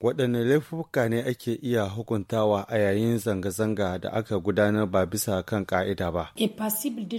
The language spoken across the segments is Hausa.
waɗanne laifuka ne ake iya hukuntawa a yayin zanga-zanga da aka gudanar ba bisa kan ka'ida ba.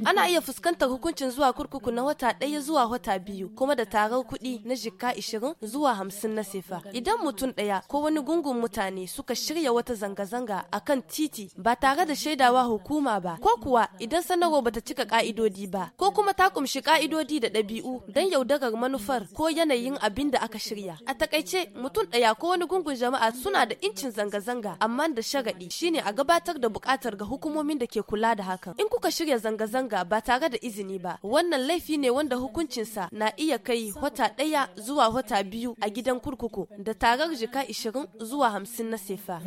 Ana iya fuskantar hukuncin zuwa kurkuku na wata ɗaya zuwa wata biyu kuma da tarar kuɗi na jikka ishirin zuwa hamsin na sefa. Idan mutum ɗaya ko wani gungun mutane suka shirya wata zanga-zanga a kan titi ba tare da shaidawa hukuma ba ko kuwa idan sanarwa bata cika ka'idodi ba ko kuma ta kumshi ka'idodi da ɗabi'u don yaudarar manufar ko yanayin abin da aka shirya. A takaice mutum ɗaya ko wani gungun jama'a suna da incin zanga-zanga amma da shagadi shine a gabatar da bukatar ga hukumomin da ke kula da hakan. In kuka shirya zanga-zanga ba tare da izini ba, wannan laifi ne wanda hukuncinsa na iya kai wata daya zuwa wata biyu a gidan kurkuku da tarar jika 20 zuwa 50 na sefa.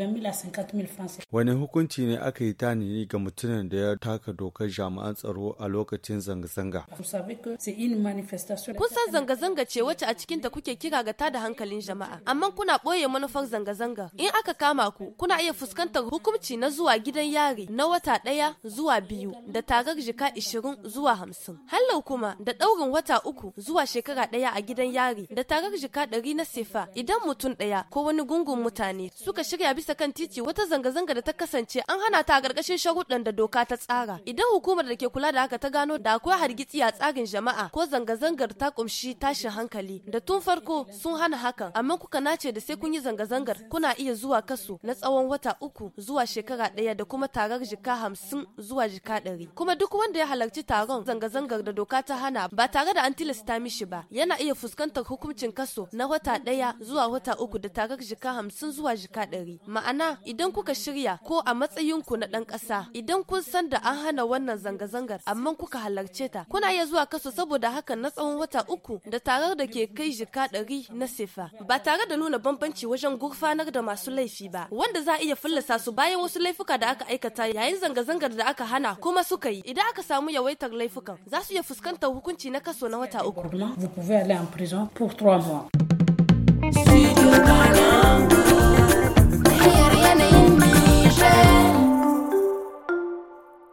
Wani hukunci ne aka yi tanini ga mutumin da ya taka dokar jami'an tsaro a lokacin zanga-zanga? Kun san zanga-zanga ce wacce a cikinta kuke kira ga da hankalin jama'a, amma kuna ɓoye manufar zanga-zangar. In aka kama ku, kuna iya fuskantar hukunci na zuwa gidan yari na wata daya zuwa biyu da tarar jika ishirin zuwa hamsin. Hallau kuma da ɗaurin wata uku zuwa shekara ɗaya a gidan yari da tarar jika ɗari na sefa idan mutum ɗaya ko wani gungun mutane suka shirya bisa kan titi wata zanga-zanga da ta kasance an hana ta a ƙarƙashin sharuɗan da doka ta tsara. Idan hukumar da ke kula da haka ta gano da akwai hargitsi a tsarin jama'a ko zanga-zangar ta ƙumshi tashin hankali da tun farko sun hana hakan amma kuka nace da sai kun yi zanga-zangar kuna iya zuwa kaso na tsawon wata uku zuwa shekara ɗaya da kuma tarar jika hamsin zuwa jika ɗari. Kuma duk wanda ya halarci taron zanga-zangar da doka ta hana ba tare da an tilasta mishi ba yana iya fuskantar hukuncin kaso na wata ɗaya zuwa wata uku da tarar jika hamsin zuwa jika ɗari. Ma'ana idan kuka shirya ko a matsayinku na ɗan ƙasa idan kun san da an hana wannan zanga-zangar amma kuka halarce ta kuna iya zuwa kaso saboda hakan na tsawon wata uku da tarar da ke kai jika ɗari na sefa ba tare da nuna bambanci wajen gurfanar da masu laifi ba wanda za a iya fallasa su bayan wasu laifuka da aka aikata yayin zanga-zangar da aka hana kuma suka yi idan aka samu yawaitar laifukan za su iya fuskantar hukunci na kaso na wata uku. Vous pouvez aller en prison pour trois mois.